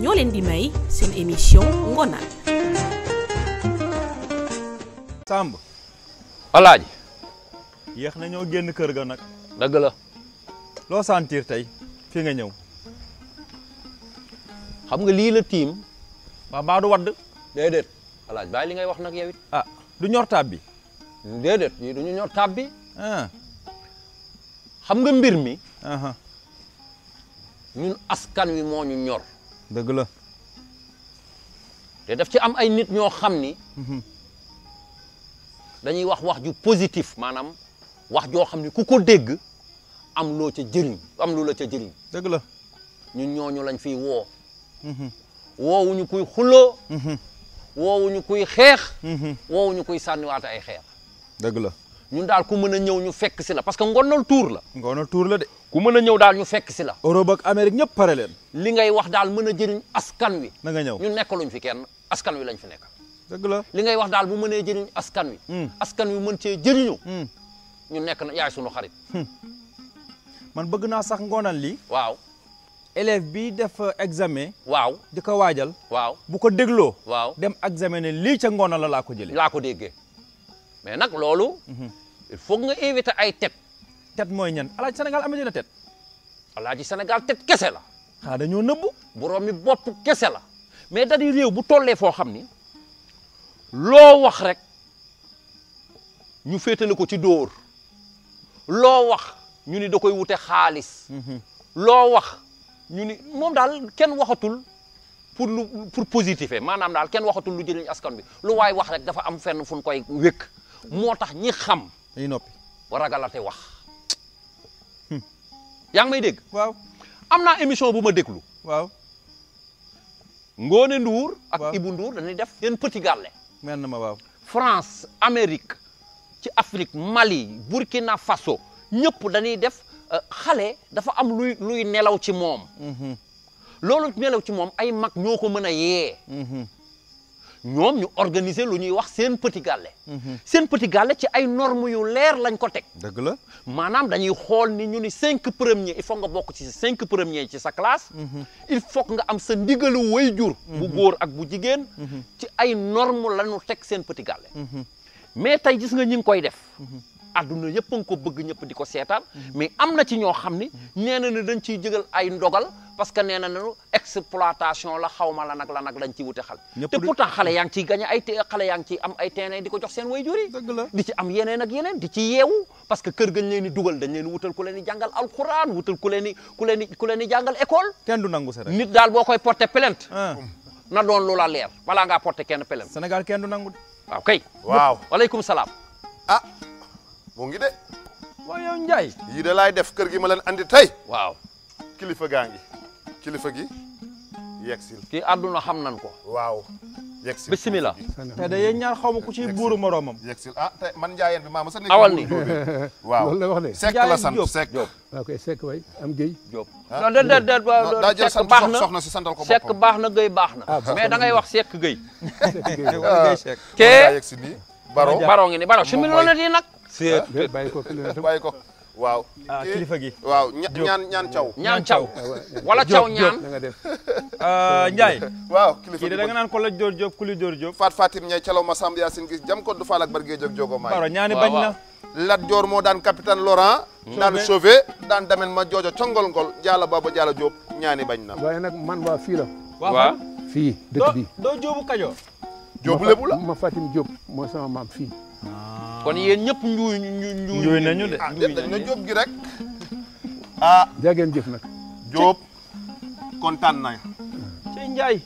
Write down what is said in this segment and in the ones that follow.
ñoo leen di may seen émission ngonal Samb alaaji yéex na ñoo génn kër ga nag dëgg loo sentir tey fi nga ñëw xam nga lii la tiim waa baa wadd déedéet alaaj bàyyi li ngay wax nag yow ah du ñor taab bi déedéet yii duñu ñor taab bi ah. xam nga mbir mi ñun askan wi moo ñu ñor dëgg la. te daf ci am ay nit ñoo xam ni. Mhm. dañuy wax wax ju positif maanaam wax joo xam ni ku ko dégg am loo ca jëriñ am lu la ca jëriñ. dëgg la ñun ñooñu lañ fiy woo. Mhm. woowuñu kuy xuloo. Mhm. woowuñu kuy xeex. woowuñu kuy sànniwaate ay xeer. dëgg la. ñun daal ku mën a ñëw ñu fekk si la parce que ngonal tuur la ngonal tuur la de ku mën a ñëw daal ñu fekk si la Europe ak Amérique ñëpp pare leen li ngay wax daal mën a jëriñ askan wi na ñëw ñun nekkaluñ fi kenn askan wi lañ fi nekk dëgg la li ngay wax daal bu mënee jëriñ askan wi hmm. askan wi mën cee jëriñu hmm. ñu nekk na yaay sunu xarit hmm. man bëgg naa sax ngonal lii waaw élève bi def examen waaw di ko waajal waaw bu ko dégloo waaw dem examen ne lii ca ngonal la laa ko jëlee laa ko déggee mais nag loolu. Mhm. il faut nga invité ay tet. tet mooy ñan alaaji Sénégal am na tet. senegal Sénégal kese la. xaa dañoo nëbbu. borom mi bopp kese la. mais da réew bu tollee foo xam ni loo wax rek ñu féetale ko ci dóor loo wax ñu ni da koy wute xaalis. Mhm. loo wax ñu ni moom daal kenn waxatul pour lu pour positif maanaam daal kenn waxatul lu jëriñ askan bi lu waay wax rek dafa am fenn fu koy wékk. moo tax ñi xam. dañuy noppi ba wax. Hmm. yaa ngi may dégg. waaw am naa émission bu ma déglu. waaw. Ngone Ndour. ak Ibou Ndour dañuy def seen petit gàllé. mel na ma waaw. France Amérique ci Afrique Mali Burkina Faso ñëpp dañuy def euh, xale dafa am luy luy nelaw ci moom. Mm-hmm. loolu nelaw ci moom ay mag ñoo ko mën a yee. Mm-hmm. ñoom ñu organiser lu ñuy wax seen petit gàlle mhm. seen petit ci ay normes yu leer lañ ko teg dëgg la maanaam dañuy xool ni ñu ni cinq premiers il faut nga bokk ci cinq premiers ci sa classe mhm. il faut nga am sa ndigalu jur bu mhm. góor ak bu jigéen ci ay normes lañu teg seen petit gàlle mais tey gis nga ñi ngi koy def adduna yëpp a nga ko bëgg ñëpp di ko seetaan mm-hmm. mais am na ci ñoo xam ni nee na ne dañ ciy jëgal ay ndogal parce que nee na ne exploitation la xaw ma la nag la nag lañ ci wute xale te pourtant xale mm-hmm. yaa ngi ciy gagné ay xale yaa ngi ciy am ay terrain di ko seen waajur yi dëgg la di ci am yeneen ak yeneen di ci yeewu parce que kër gañ leen di dugal dañ leen wutal ku leen di jàngal alquran wutal ku leen di ku leen di ku leen di jàngal école kenn du nangu sa rek daal boo koy porté plainte ah. na doon lu la leer balaa ngaa porté kenn plainte Sénégal kenn du nangu waaw kay waaw waaleykum salaam ah. mu ngi de. waaw yow Ndiaye. yii de laay def kër gi ma leen andi tey. waaw kilifa gaa ngi kilifa gi yegsil. kii àdduna xam nan ko. waaw yegsil bisimilah. te de yéen ñaar xaw ma ku ciy buuru moromam. yegsil ah te man njaayeen bi sa nekk. awal nii waaw la wax de. sekk la sant sekk Diop waaw ah, kay sekk waay am géy Diop. Ah. baax na soxna si santal ko sekk baax na géy baax na. Ah, mais da ngay wax sekk géy. sekk baro ngi ni baro similoo na di séet bàyyi ko bàyyi ko waaw. ah kilifa gi. waaw ñaan ñaan caw. ñaan caw wala caw ñaan. Uh, Ndiaye. waaw kilifa gi kii da naan ko la Dior Diop kuli Dior Diop. Fat Fatim Ndiaye Calaw Massamba Yacine gis jam ko du Fall ak Bargué Diop Diogo Maay. waaw ñaani bañ na. Lat Dior moo daan capitaine Laurent. daan Sauvé daan Damel ma joojo congol ngol jaala baba jaala Diop ñaani bañ na. waaye nag man waa fii la. waaw fii doo doo Diop Diop lébu la ma Fatim Diop moo sama maam fii. Ah. kon yéen ñëpp njuuy njuuy njuuy nañu de. ah dañ na Diop gi rek. ah jaa ngeen jëf nag. Diop kontaan nañu. njaay Ndiaye.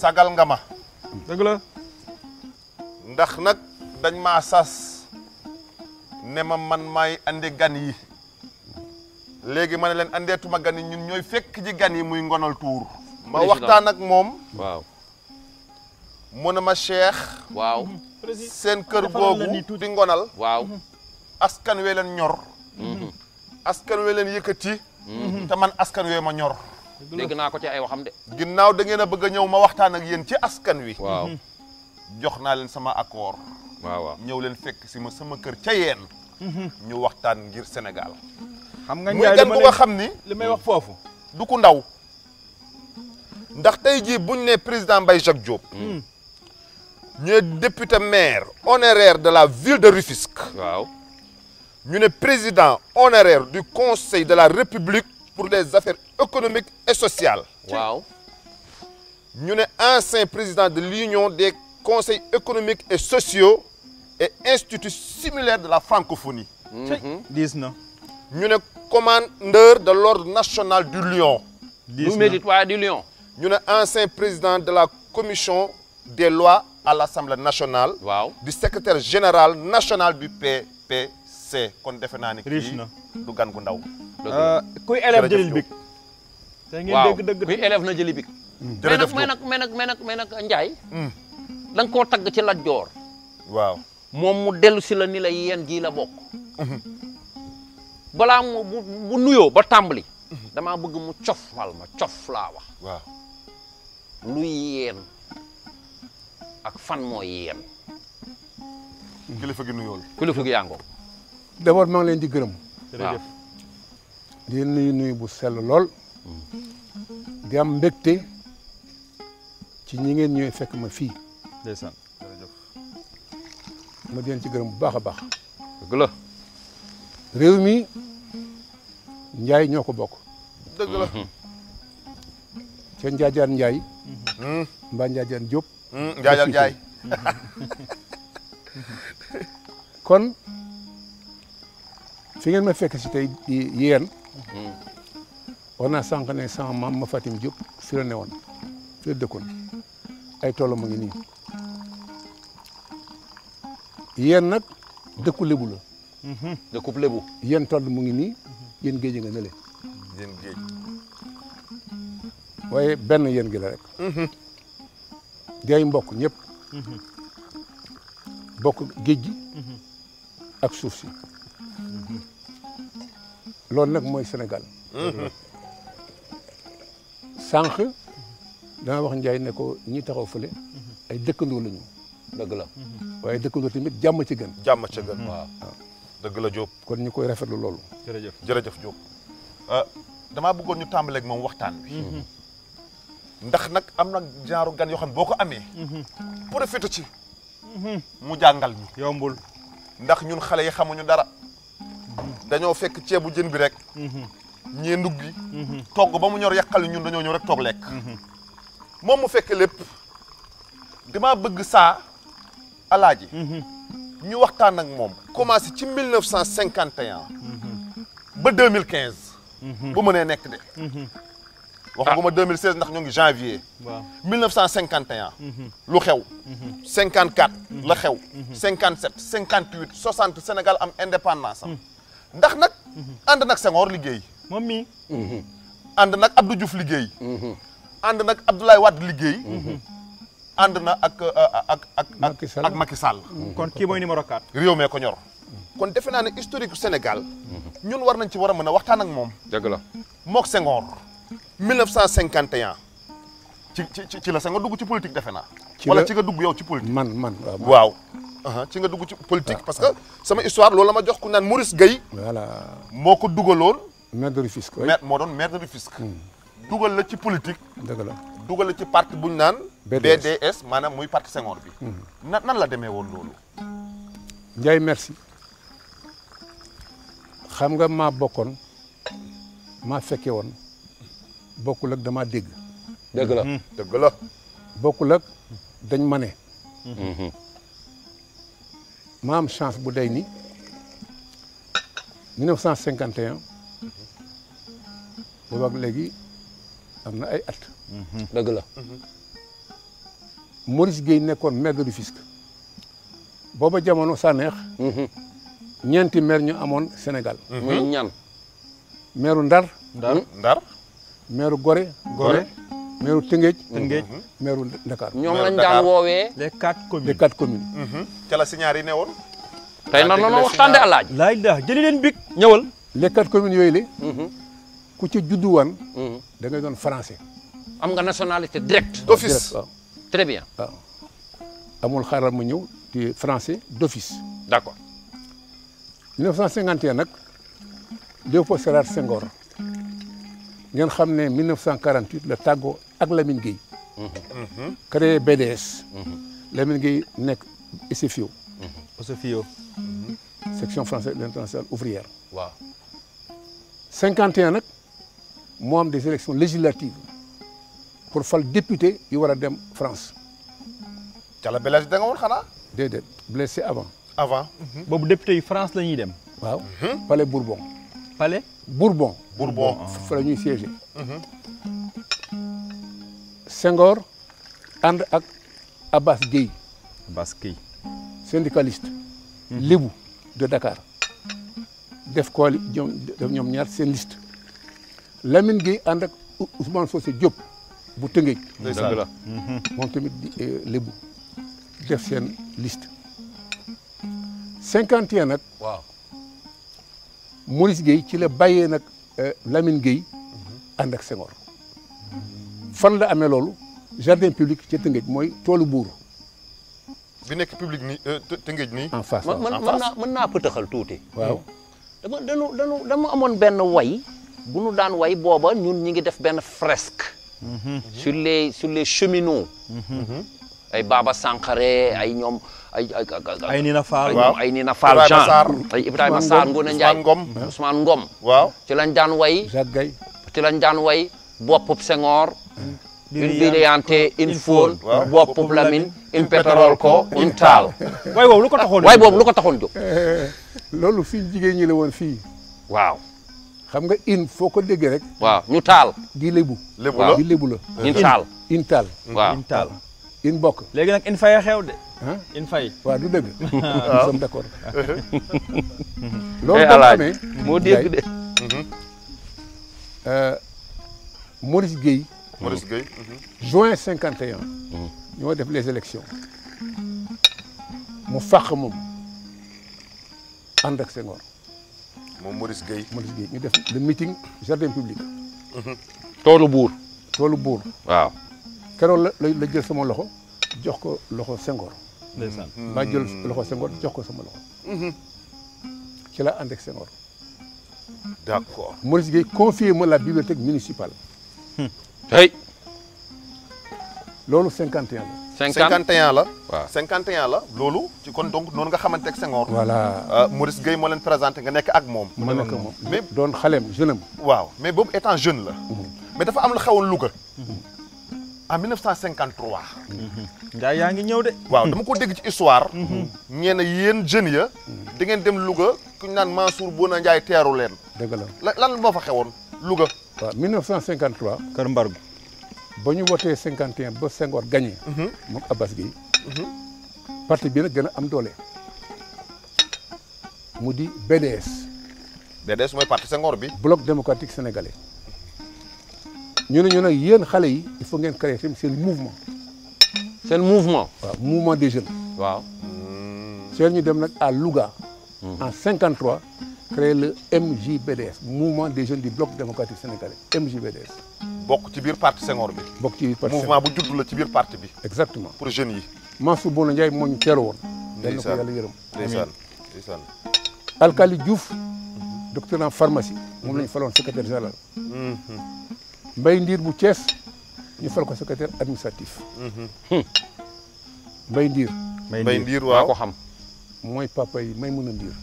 sagal nga ma. dëgg ndax nag dañ maa sas ne ma man may andi gan yi léegi ma ne leen andeetuma gan yi ñun ñooy fekk ji gan yi muy ngonol tuur. ma waxtaan ak moom. waaw. mu ma Cheikh. waaw. seen kër googu di ngonal. waaw. askan wee leen ñor. Mm-hmm. askan we leen yëkkati. Mm-hmm. te man askan wee ma ñor. dégg naa ko ci ay waxam de. ginnaaw da ngeen a bëgg a ñëw ma waxtaan ak yéen ci askan wi. waaw. Mm-hmm. naa leen sama accord. ñëw leen fekk si ma sama kër ca yeen. ñu waxtaan ngir Sénégal. xam nga Ndiaye li nga xam ni. li may wax foofu. du ndaw. ndax tey jii buñ ne président Mbaye Jacques Diop. Hmm. ñu ne député maire honoraire de la ville de Rufisque. waaw ne président honoraire du conseil de la république pour les affaires économiques et sociales. waaw ñu ne ancien président de l'union des conseils économiques et sociaux et instituts similaires de la francophonie. Hmm. diis na. ñu ne commandeur de l'ordre national du Lion. diis na ñu ne ancien président de la commission des lois à l'Assemblée nationale. waaw du secretaire général national du PPC. kon defe naa ne kii du gan gu ndaw. Euh, kuy élève jëli bik. te dëgg kuy élève na jëli bik. Hmm. jërëjëf mais nag mais nag mais nag nag Ndiaye. Hmm. da koo tagg ci Lat Joor. waaw moom mu dellu si la ni la yéen jii la bokk. Hmm. balaa mu bu nuyoo ba tàmbali. damaa bëgg mu cof wal ma cof laa wax. luy yéen ak fan mooy yéen. gi nuyool. kilifa gi yàngoo. d'abord maa leen di gërëm. jërëjëf di nuyu nuyu bu sel lool. Mm. di am ci ñi ngeen ñëwee fekk ma fii. ndeysaan ma di leen ci gërëm bu baax a baax. réew mi njaay ñoo ko bokk. dëgg la. Mm-hmm. ca Njaajaar Njaay. mbaa Njaajaan Diop. Njaajaan hmm, Njaay. kon fi ngeen ma fekk si tey yéen. war naa sànq ne sama ma Fatim Diop fi la ne woon fi la dëkkoon ay toolam a ngi nii yéen nag dëkku lébu la. dëkku lébu. yéen tool mu ngi nii yéen géej nga ne waaye benn yéen gi la rek mhm. day mbokk ñëpp mhm. bokk géej gi mhm. ak suuf si loolu nag mooy Sénégal sànq dama wax Ndiaye ne ko ñi taxaw fële ay dëkkandoo lañu ñu dëgg la waaye dëkkandoo tamit jàmm ci gën jàmm ci gën waaw ah. dëgg la Diop kon ñu koy rafetlu loolu jërëjëf jërëjëf Diop ah, damaa bëggoon ñu tàmbaleeg moom waxtaan ndax nag am na genre gan yoo xam ne boo ko amee. profité ci. mu jàngal ñu. yombul ndax ñun xale yi xamuñu dara. dañoo fekk ceebu jën bi rek. ñee ndugg gi. togg ba mu ñor yàqal ñun dañoo ñëw rek toog lekk. moom mu fekk lépp damaa bëgg saa alaaji. ñu waxtaan ak moom. commencé ci mille neuf cent cinquante et ba deux mille quinze. bu mënee nekk de. waxaguma 2016 ndax ñoo ngi janvier. waaw 1951. Mhm. lu xew. 54 mhm. la mhm. xew. 57 58 60 Sénégal am indépendance am. ndax nag. ànd nag Senghor liggéey. moom mii. nag Abdou Diouf liggéey. ànd nag Abdoulaye Wade liggéey. ànd na ak ak euh, euh, ak ak ak Macky Sall. kon kii mooy numéro 4. réew mee ko ñor. kon defe naa ne historique Sénégal. ñun war nañ ci war a mën a waxtaan ak moom. dëgg la mook Senghor. 1951 ci ci ci la sa dugg ci politique defe naa. wala ci nga dugg yow ci politique. man man waaw. ci nga dugg ci politique ah, parce ah. que sama histoire loolu la ma jox ku naan Maurice Guèye. voilà moo ko dugaloon. maire de Rufisque. maire moo doon maire de Rufisque. Hmm. dugal la ci politique. dëgg dugal la ci part bu ñu naan. BDS maanaam muy parti Senghor bi. Hmm. nan nan la demee woon loolu. Ndiaye merci xam nga maa bokkoon maa fekke woon. bokkul ak damaa dégg. dëgg la mhm. dañ mane maam mhm. chance bu day ni 1951 boobaak léegi am na ay at. Mhm. dëgg Maurice Guèye nekkoon maire du fisc booba jamono Saneex. ñeenti maire ñu amoon Sénégal. muy ñan. maireu Ndar Ndar. meeru Gorée. Gorée meeru Tëngéej. Tëngéej mhm. meeru Dakar. ñoom lañ daan woowee. les quatre communes les quatre communes. Mhm. ca si ñaar yi ne woon. tey nan la ñu waxtaan de alaaj. laaj daa jëli leen big ñëwal. les quatre communes yooyu la. Mhm. ku ci juddu woon. da ngay doon français. am nga nationalité directe. d'office très bien. waaw amul xaaral ma ñëw ci français d'office. d'accord. 1951 nag Léopold Sédar Senghor. ngeen xam ne 1948 la tàggoo ak Lamine Gueye. créé BDS. Lamine Gueye nekk SFIO. SFIO. section française de l'internationale ouvrière. waaw. 51 nag moo am des élections législatives pour fal député yu war a dem France. Jalla Bellas da nga woon xanaa. déedéet blessé avant. avant. boobu député yu France la ñuy dem. waaw. Mhm. Palais Bourbon. Bourbon. Bourbon fa la ñuy siégé. Mm-hmm. Senghor ànd ak Abbas Gueye. Abbas syndicaliste. Mm-hmm. lébu de Dakar. def kooli ñoom def ñaar seen liste. Lamine Gueye ànd ak Ousmane Socé Diop bu Tëngéej. Mm-hmm. moom tamit euh, lébu def seen liste. cinquante nag. Maurice Guèye ci la bàyyee nag euh, Lamine Guèye mhm. ànd ak Senghor fan la amee loolu jardin public ci Tëngéej mooy toolu buur. bi nekk public ni euh, Tëngéej nii. en face man mën naa mën tuuti. waaw dama dañu dañu dama amoon benn way bu nu daan way booba ñun ñi ngi def benn fresque. Mhm. sur les sur les cheminots. Mhm. ay Baba Sankare ay ñoom ay ay ay Nina Fall ay Nina ay Ibrahima Sarr Ngoné Ndiaye Ousmane Ngom waaw ci lañ daan way ci lañ daan way boppub Senghor une brillante une fóon boppub Lamine une pétrole ko une taal waay boobu lu ko taxoon waay boobu lu ko taxoon jóg loolu fii jigéen ñi la fii waaw xam nga in foo ko déggee rek waaw ñu taal di lébu lébu ñu taal yin bokk léegi nag in fay xew de. in fay waaw du dëgg. waaw nous d'accord. loolu eh, da nga moo dégg de. Euh, Maurice Guèye. Maurice mhm. juin 51. Mhm. def les élections mu fàq moom ànd ak Senghor. moom Maurice Guèye. Maurice Guèye ñu def le meeting jardin public. Mhm. toolu buur. toolu buur keroog la la jël sama loxo jox ko loxo Senghor. ndeysaan mm-hmm. maa jël loxo Senghor jox ko sama loxo. Mm-hmm. ci laa ànd ak Senghor. d' accord Maurice Gueye confié ma la hmm. la. 51 la. la loolu. ci kon donc noonu nga xamante ak Senghor. voilà euh, Maurice Gueye moo leen présenté nga nekk ak moom. ma nekk moom mais doon xaleem jeune waaw mais boobu étant jeune la. Hmm. mais dafa am xewoon Louga. Hmm. en 1953. gars yaa ngi ñëw de. waaw dama ko dégg ci histoire. ñeena yéen jeunes ya. di ngeen dem Louga ku ñu naan Mansour Bona Ndiaye teeru leen. dëgg la lan moo fa xewoon Louga. waaw 1953. Kër Mbargu. ba ñu wootee 51 ba Senghor gagné. Mhm. moom Abbas Gueye. Mhm. parti bi nag gën a am doole. mu di BDS. BDS mooy parti Senghor bi. bloc démocratique sénégalais. ñu ne ñu nag yéen xale yi il faut ngeen créer seen seen mouvement. seen mouvement. waaw mouvement des jeunes. waaw. seen ñu dem nag à Louga. Hmm. en 53 créer le MJBDS mouvement des jeunes du bloc démocratique sénégalais MJBDS. bokk ci biir parti Senghor bi. bokk ci biir parti mouvement bu judd la ci biir parti bi. exactement pour jeunes yi. Mansour Bouna Ndiaye moo ñu teeru woon. ndeysaan yal na ko yàlla yërëm. ndeysaan ndeysaan. Alkali Diouf docteur en pharmacie. moom la ñu hmm. faloon secrétaire général. Hmm, Mbaye Ndiir bu Thiès ñu fal ko secrétaire administratif. Hmm. Mbaye Ndiir. Mbaye Ndiir waaw ko mooy papa yi may mën a Ndiir.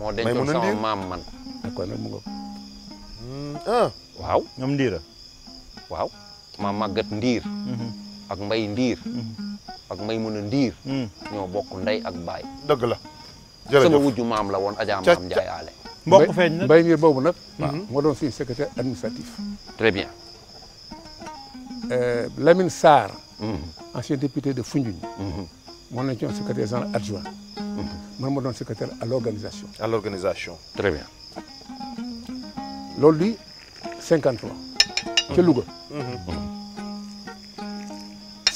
moo dencoon sama maam man. d'accord nag mu ngoog. Hmm, ah. waaw ñoom Ndiir ma màggat Ndiir. Hmm. ak Mbaye Ndiir. ak may mën a Ndiir. ñoo bokk ndey ak baay. dëgg la jërëjëf sama wujju maam la woon Adja maam Ndiaye Allé. mbokk feeñ na Mbaye Ndiir boobu nag. waaw Euh, Lamine Sarr. ancien député de Foundiougne. moo nañu ci woon secrétaire général adjoint. man ma doon secrétaire à l'organisation. à l'organisation très bien. loolu di 53. ca mm-hmm. Louga.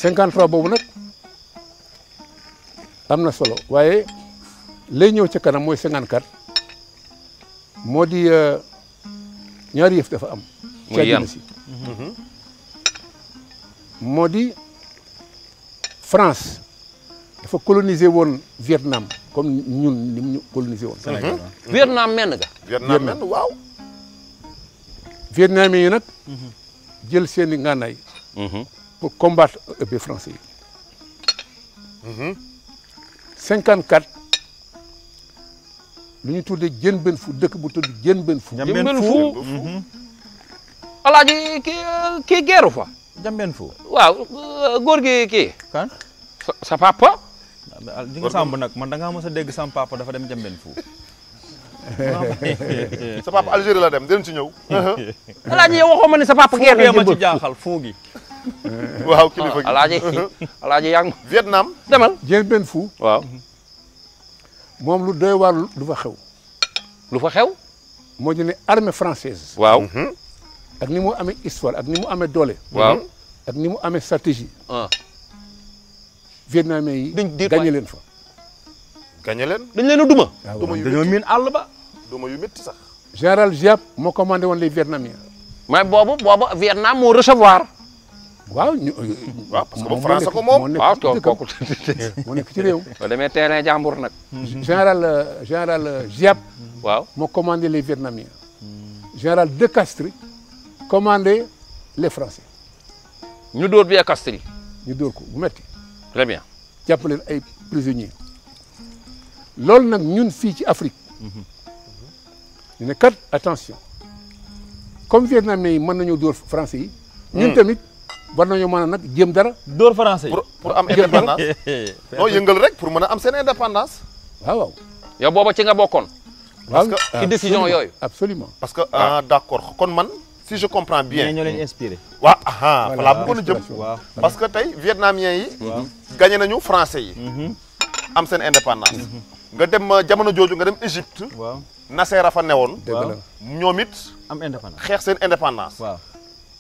53 mm-hmm. boobu nag am na solo waaye lay ñëw ca kanam mooy 54 moo di euh, ñaari yëf dafa am. muy yan si. moo di France dafa coloniser woon Vietnam comme ñun ni mu ñu coloniser woon. Mhm. Vietnam menn ga. Vietnam waaw. Vietnam yi nag. Mhm. jël seen i ngànnaay. Mhm. pour combattre ëpp français yi. 54 lu ñu tuddee jën benn fu dëkk bu tudd jën benn fu. fu jën fu. alaaji kii geeru fa. jën fu. waaw góor gi kii. kan sa papa. di nga nag man da ngaa mos a dégg sam papa dafa dem jëmben fu sa papa Algérie la dem dinañ ci ñëw. alaaji yow waxoo ma ne sa papa. gerte gi ma jaaxal fuu gi. waaw kilifa gi alaaji alaaji Vietnam demal. jëmben fu. waaw. moom lu doy waar lu fa xew. lu fa xew. moo ñu ne armée française. Mhm. ak ni mu amee histoire ak ni mu amee doole. waaw. Mhm. ak ni mu amee stratégie. Ah. Vietnamien yi. dañ diir gagné leen fa. gagné leen dañ leen a duma. Ah, duma yu dañoo miin àll ba. duma yu métti sax. général Giap moo commandé woon les Vietnamiens. ma boobu boobu Vietnam moo recevoir. waaw ñu euh, waaw parce que France moo nekk ci réew. boo demee terrain jàmbur nag. général euh, général Giap. Euh, waaw moo commandé les Vietnamiens. général De Castries commandé les Français. ñu dóor Via Castries ñu dóor ko bu metti très bien jàpp leen ay prisonniers loolu nag ñun fii ci Afrique mhm. ñu ne kat attention comme vietnamais yi mën nañoo dóor français yi ñun mm. tamit war nañoo mën a nag jéem dara dóor français yi pour am indépendance non yëngal rek pour mën a am seen indépendance waaw waaw yow booba ci nga bokkoon parce que ah, ci décision yooyu absolument parce que ah d'accord kon man si je comprends bien ñoo leen inspiré. waaw ah voilà a jëm. parce que tey vietnamiens yi. Mhm. gagné nañu français yi. Mhm. am seen indépendance. Mhm. nga dem euh, jamono jooju nga dem Égypte. waaw Nasser a fa newoon. dëgg la ñoom it. am indépendance xeex seen indépendance. waaw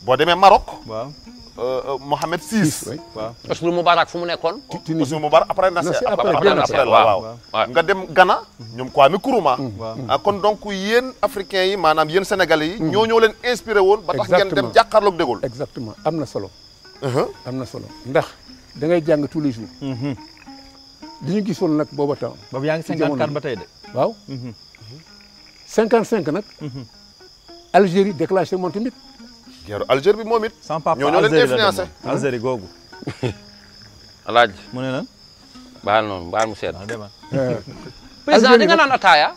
boo demee Maroc. waaw Euh, euh, Mohamed VI. waaw Hosni Moubarak fu mu nekkoon. Hosni Moubarak après Nasser après Nasser waaw nga dem Ghana. ñoom Kwame Nkrumah. Mm. waaw ah, kon donc yéen africains yi maanaam yéen sénégalais yi. Mm. ñoo ñoo leen inspiré woon. ba tax ngeen dem jàkkaarloog De Gaulle. exactement am na solo. Uh-huh. am na solo ndax da ngay jàng tous les jours. Mm-hmm. li ñu gisoon nag booba temps. boobu yaa ngi 54 ba tey de. waaw. 55 mm-hmm. nag. Mm-hmm. Algérie déclenché moom tamit. guerre Algérie bi moom it. sans papa ñoo leen influencé hmm? Algérie googu. alaaj mu ne lan. baal noonu baal mu sedd. Ah, président di nga naan ataaya.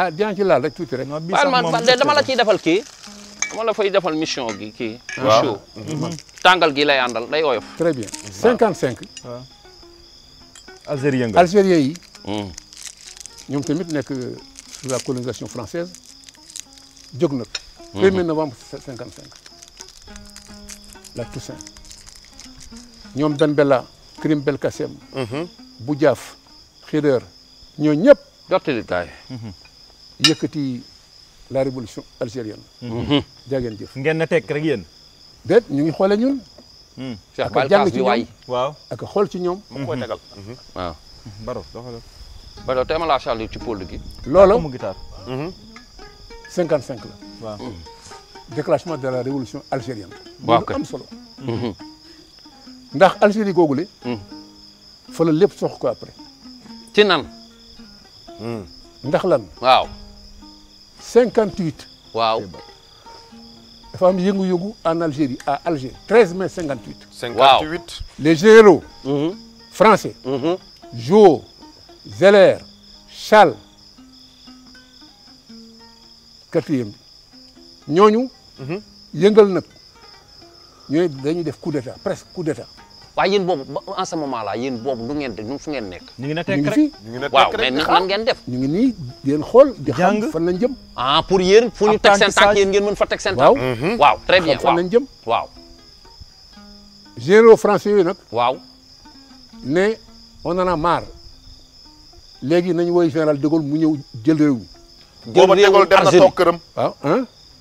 ah dinaa ci laal tuuti rek. non la ciy defal kii. dama la fay defal mission gi kii. waaw mhm. tàngal gi lay àndal day oyof. très bien cinquante cinq. waaw algérien nga algérien yi. Hmm. ñoom tamit nekk sous la colonisation française jóg nag. 1er novembre 55 la Toussaint ñoom Dan Bella Karim Belkacem mhm. bu jaaf Xideer ñoo ñëpp dottali taay mhm. yëkkati la révolution algérienne mhm. jaageen jëf ngeen na tekk rek yéen déet ñu ngi xoole ñun hmm. ak a jàng ci waay a xool ci ñoom mu koy tegal waaw baro doxal baro te ma laa sàllu ci pôle gi mu gitaar cinquante cinq la. déclenchement de la révolution algérienne. waaw kay mhm. ndax Algérie googule. Mhm. fa la lépp sox ko après. ci hmm. ndax lan. waaw. cinquante huit. yëngu-yëngu en Algérie à Alger 13 mai 58. les généraux. Mhm. français. Jo. Zeller. Chal. quatrième ñoo ñu mhm. yëngal nag ñoo ñooy dañuy def coup d'état presque coup d'état. waaye yéen boobu en ce moment là boobu du ngeen du fu ngeen nekk. ñu ngi na tekk rek ñu na tekk rek def. ñu ngi nii di leen xool. di xam fan lañ jëm. ah pour yéen fu ñu teg seen tànk yéen ngeen mën fa teg seen tànk. waaw mhm. waaw très bien waaw fan lañ jëm. waaw. généraux français yooyu nag. ne on en a marre léegi nañu woy général de mu ñëw jël réew jël réewum Algérie këram waaw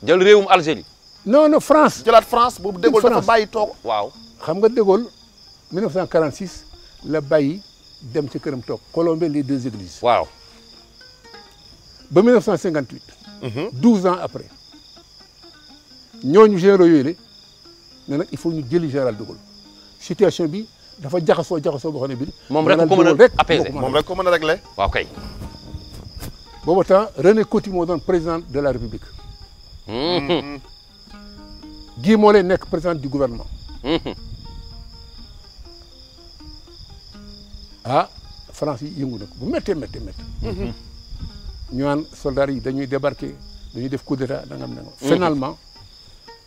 jël réewum Algérie non non France jëlaat France boobu De Gaulle dafa bàyyi toog waaw xam nga De Gaulle 1946 la bàyyi dem ci këram toog colombé les deux églises waaw ba 1958 12 mhm. ans après ñooñu généraux yooyu le ne nag il faut ñu jëli général De Gaulle bi dafa jaxasoo jaxasoo boo xam ne bi moom rek ko mën a apaiser moom rek ko mën a régler booba temps René Coty moo doon président de la République. Hmm. Guy Mollet nekk président du gouvernement. Hmm. ah France yi yëngu na ko bu méttee méttee méttee. Hmm. ñu naan soldats yi dañuy débarquer dañuy def coup d'état da nga am ne finalement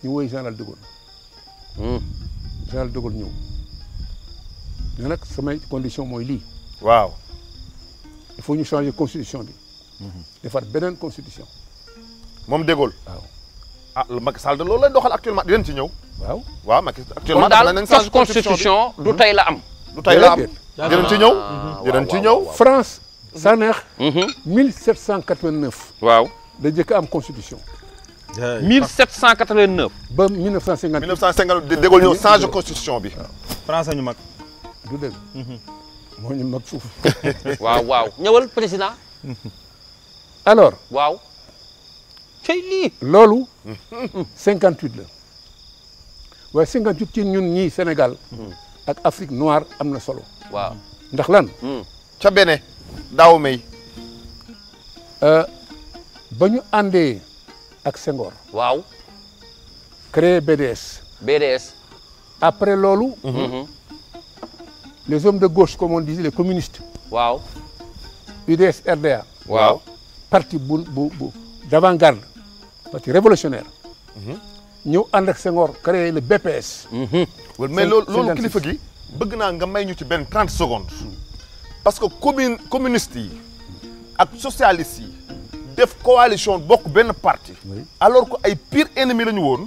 ñu woy général de Gaulle. général de Gaulle ñëw. nag samay condition mooy lii. waaw. il faut ñu changer constitution bi. defar beneen constitution. moom De Gaulle waaw. ah Macky Sall de loolu lay doxal actuellement di leen ci ñëw. waaw waaw Macky actuellement. daal nañ constitution du tey la am. du tey la am dinañ ci ñëw. dinañ ci ñëw France. Sanex. 1789. Mhm. waaw da njëkk am constitution. 1789. ba 1950. 1950 de Gaulle ñëw change constitution bi. France ñu mag. du dëgg. Mhm. moo ñu mag foofu. waaw waaw ñëwal président. alors waaw cey lii loolu cinquante huit la waaye cinquante huit ci ñun ñii Sénégal ak Afrique noire am na solo waaw ndax lan hmm. ca bene daaw may euh, ba ñu ak Senghor waaw BDS BDS après loolu mhm. les hommes de gauche comme on dit les communistes UDS RDA waaw parti bu bu bu d'avant-garde parti révolutionnaire. Mhm. ñëw ànd ak Senghor créé le BPS. Mhm. mais loolu loolu kilifa gi bëgg naa nga may ñu ci benn trente secondes. parce que commune communiste yi ak socialiste yi def coalition bokk benn parti. alors que ay pire ennemis la ñu woon.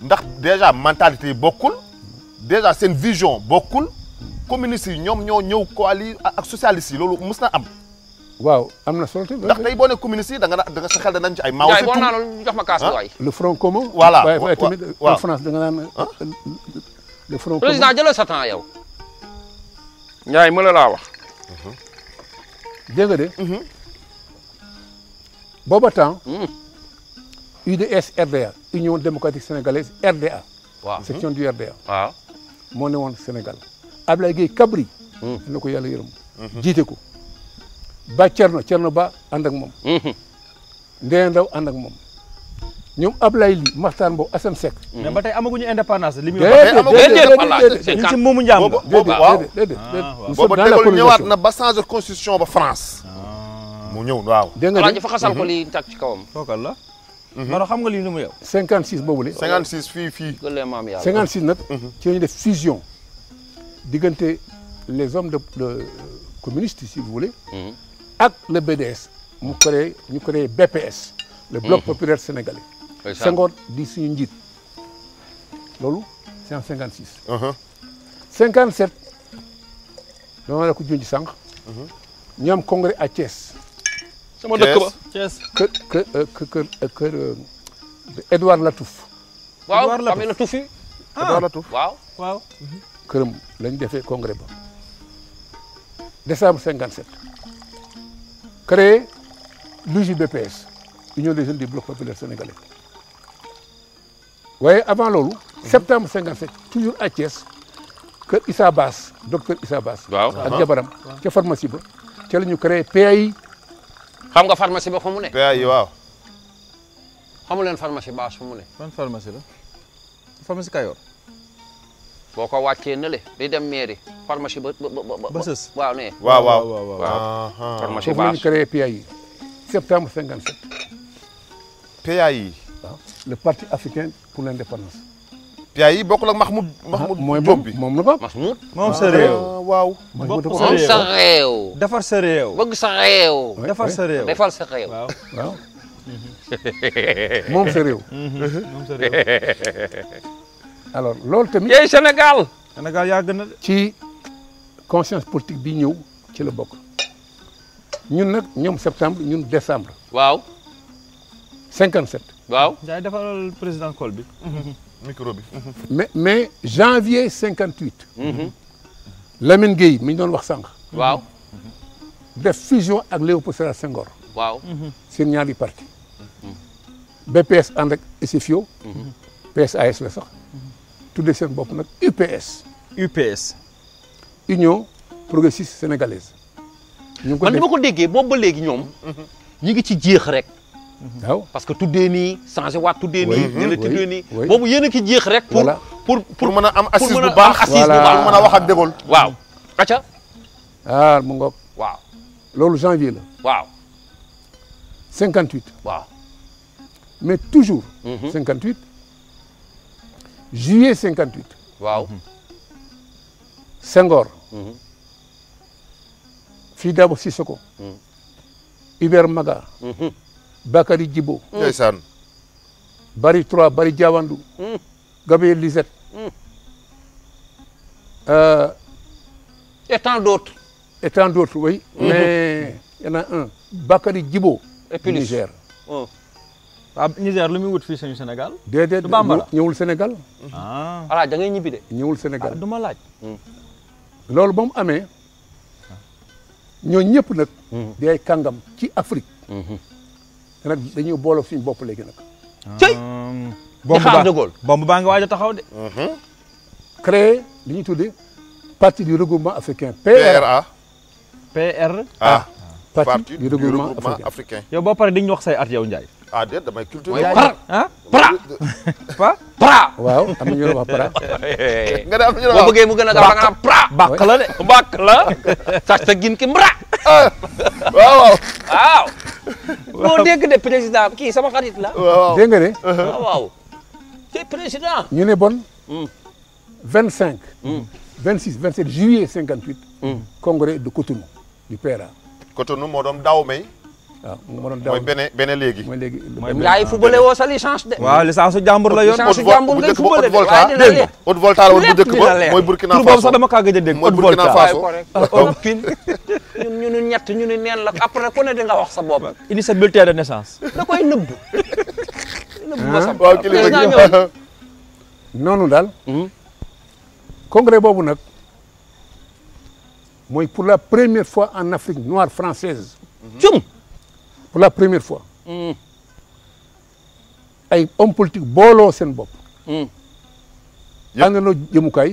ndax déjà mentalité yi bokkul. déjà seen vision bokkul. communiste yi ñoom ñoo ñëw coali ak socialiste yi loolu mus na am. waaw am na solo ndax tey boo ne communiste yi da nga da nga sa xel da nañ ci ay ma kaas ah? waay le front commun voilà waaye tamit en France da nga naan ah? le front commun président jëlal sa temps yow Ndiaye mën la laa wax uh-huh. de mm-hmm. booba temps mm-hmm. UDS RDA Union démocratique sénégalaise RDA section du RDA waaw moo ne woon Sénégal Ablaye Gueye Cabri mm. na ko yàlla yërëm mm-hmm. jiite ko ba Cerno Cerno ba ànd ak moom. Mhm. Ndeye Ndaw ànd ak moom. ñoom Ablaye Ly Makhtar Mbow Assane Seck. Mhm. mais ba tey amaguñu indépendance li muy wax. déedéet ñu ci moomu njaam la déedéet déedéet déedéet. Ah, boobu tegul ñëwaat na ba changer constitution ba France. Ah. mu ñëw waaw. dégg nga de fa xasal ko mhm. lii tàkk ci kawam. fookal la. xam nga lii nu mu yow. 56 boobule. 56 fii fii. gëlëm maam yàlla 56 nag. ci la ñu fusion diggante les hommes de communistes si vous ak le BDS mu créé BPS le bloc mmh. populaire sénégalais Senghor di suñu njiit loolu c'est cinquante six cinquante sept dama la ko junj sànq ñu congrès à Thiès sama dëkk ba Thiès kër euh, euh, euh, Latouf waaw xam nga Latouf ah. congrès ba décembre créé l'UJBPS Union des jeunes du bloc populaire sénégalais waaye avant loolu. Mhm. septembre 57 toujours à Thiès kër Issa Bass docteur Issa Bass. ak jabaram ca pharmacie ba ca la ñu créé PAI. xam nga pharmacie ba fu mu ne. PAI waaw. xamu leen pharmacie Bass fu mu ne. ban pharmacie la pharmacie Kayor. boo ko wàccee nële di dem mairie pharmacie ba ba ba waaw nee. waaw waaw waaw waaw. pharmacie base foofu la ñu septembre 57. PAI yi. waaw ah, la ba. Mahmoud moom sa réew. waaw mhm. bokk moom sa moom sa alors loolu tamit. yéen Sénégal. Sénégal yaa gën a. ci conscience politique bi ñëw ci la bokk ñun nag ñoom septembre ñun décembre. waaw. 57. waaw. Ndiaye defaral président col bi. micro bi. mais mais janvier 58. Mhm. Lamine Gueye mi ñu doon wax sànq. waaw. def fusion ak Léopold Sédar Senghor. waaw. seen ñaari parti BPS ànd ak SFIO. Mhm. PSAS la sax. Mhm. tuddee seen bopp nag UPS. UPS. Union Progressiste Sénégalaise. ñu ngi ko man ma ko déggee boobu ba léegi ñoom. ñi ngi ci jeex rek. parce que tuddee nii changé waat tuddee nii. oui oui tuddee nii boobu yéen a ki jeex rek. pour pour pour mën a am assise bu baax assise bu baax ak dégol. waaw acca. ah loolu janvier la. waaw. 58. waaw mais toujours. Mhm. juillet 58. waaw mhm. Senghor. Mhm. fii Dabo Sissoko. Hubert mhm. Maga. Bakary Djibo. ndeysaan. Bari Trois Bari Diawandu. Gabriel Lisette. Euh, et tant d' autres. et tant mais il y Niger. Oh. waaw Niger lu muy wut fii suñu Sénégal. déedéet du bambara ñëwul Sénégal. ah voilà da ngay ñibbi de. ñëwul senegal ah, du ma laaj. Hmm. loolu ba mu amee ñooñu ñëpp nag. Hmm. di ay kàngam ci Afrique. Hmm. te nag dañuy boole suñu bopp léegi nag. Ah. cey. bomb ba bomb baa taxaw de. créé li ñuy tuddee parti du regroupement africain PRA. PRA. Ah. parti du regroupement africain. yow boo paree dañuy wax say at yow njaay ah déet damay culture. ah pra pra pra. waaw am ñu doon wax pra. nga ne de bàq la. sax sa gin ki mbra. waaw waaw. waaw. boo dégg de président kii sama xarit la. waaw nga de. Uh-huh. waaw président. ñu ne bon. vingt cinq. Hmm. vingt hmm. six vingt sept juillet cinquante huit. Hmm. congrès de Cotonou du PRA. Cotonou moo doon daaw may. waaw mu mënoon daaw mooy beneen beneen léegi. mooy léegi gars yi fubale woo sa licence de. waaw licence su jàmbur la yoon. licence su jàmbur ngay fubale de waaye dina leer haute volta la woon bu njëkk ba mooy Burkina Faso tur boobu sax dama kaa gëj a dégg. haute volta ñun ñu ñett ñu ne neen la après ku ne di nga wax sa bopp. indi sa bulletin de naissance. da koy nëbb. nëbb ma sax waaw kilifa gi noonu daal. Hmm? congrès boobu nag mooy pour la première fois en Afrique noire française. Hmm? cum. pour la première fois. ay homme politique booloo seen bopp. ànd noo jëmukaay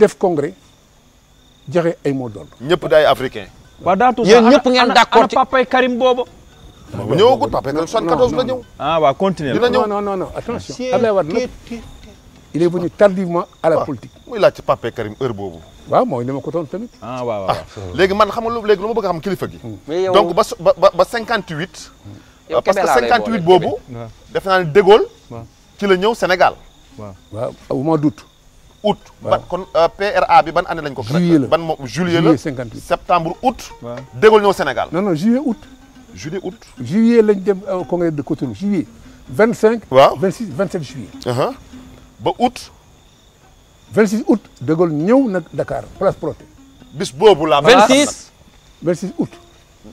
def congrès joxe ay mot d'ordre. ñëpp daay africain. waaw daa tuuti yéen ñëpp ngeen d'accord ci ana papay Karim boobu. bu ñëwagut papay Karim 74 la ñëw. ah waaw continuer dina ñëw non non non attention Ablaye Wade nag il est venu tardivement à la politique. ci papay Karim boobu. waaw mooy li ko doon tamit. ah, ah man xam nga lu léegi lu ma bëgg a xam kilifa gi. Hmm. donc ba ba ba 58. Hmm. yow parce que 58 boobu. def naa ne De ci la ñëw Sénégal. waaw waaw au mois d'août. août ban kon euh, PRA bi ban année lañ ko. juillet la ban moom juillet le 58 septembre août. waaw ñëw Sénégal. non non juillet août. juillet août. juillet lañ dem euh, congrès de Cotonou juillet. 25. waaw 26 27 juillet. Uh-huh. ba août. 26 août de Gaulle ñëw nag Dakar place Protet. bis boobu la. 26 26 août.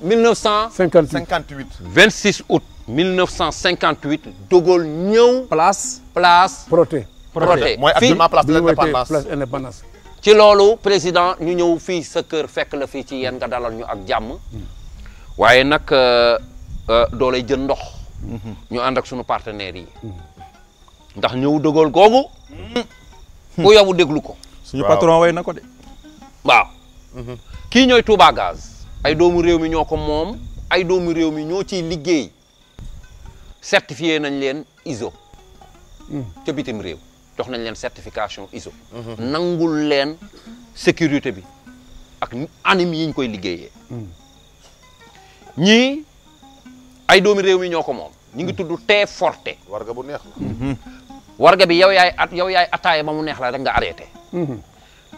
1958 58. 26 août 1958 de Gaulle ñëw. place place. prote Protet mooy actuellement place de l'indépendance place indépendance. ci loolu président ñu ñëw fii sa kër fekk la fii ci yéen nga dalal ñu ak jàmm. Hmm. waaye nag euh, euh, doo lay jël ndox. Hmm. ñu ànd ak sunu partenaires yi. ndax ñëw de googu. Hmm. ku hmm. yobu déglu ko. suñu patron way na ko de. waaw. Mhm. kii ñooy Touba Gaz. ay doomu réew mi ñoo ko moom ay doomu réew mi ñoo ci liggéey certifié nañ leen ISO. Hmm. ca bitim réew jox nañ leen certification ISO. Mhm. nangul leen sécurité bi ak anim yi koy liggéeye hmm. ñii ay doomi réew mi ñoo ko moom. ñu ngi tudd te Forte. warga bu neex la. Mhm. warga bi yow yaay at yow yaay ataaya ba mu neex la rek nga arrêté. Mhm.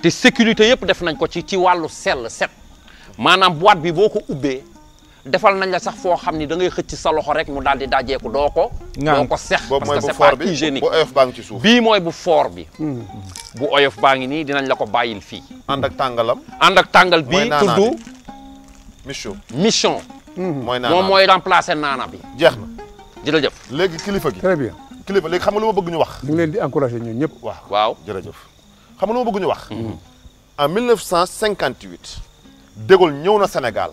te sécurité yëpp def nañ ko ci ci wàllu sell set maanaam boîte bi boo ko ubbee defal nañ la sax foo xam ni da ngay xëcc sa loxo rek mu daal di dajeeku doo ko. doo ko sex parce que c'est pas hygiénique bu oyof baa ngi ci suuf. bii mooy bu foor bi. Mhm. bu oyof baa ngi nii dinañ la ko bàyyil fii. ànd ak tàngalam. ànd ak tàngal bii tudd. mission mission. Mhm. mooy naana mooy remplacer naana bi. jeex na jërëjëf. léegi kilifa gi kilifa léegi xam nga lu ma bëgg ñu wax. ñu ngi leen di encouragé waaw waaw jërëjëf. xam nga bëgg ñu wax. Mhm. en 1958. de Gaulle ñëw na Sénégal.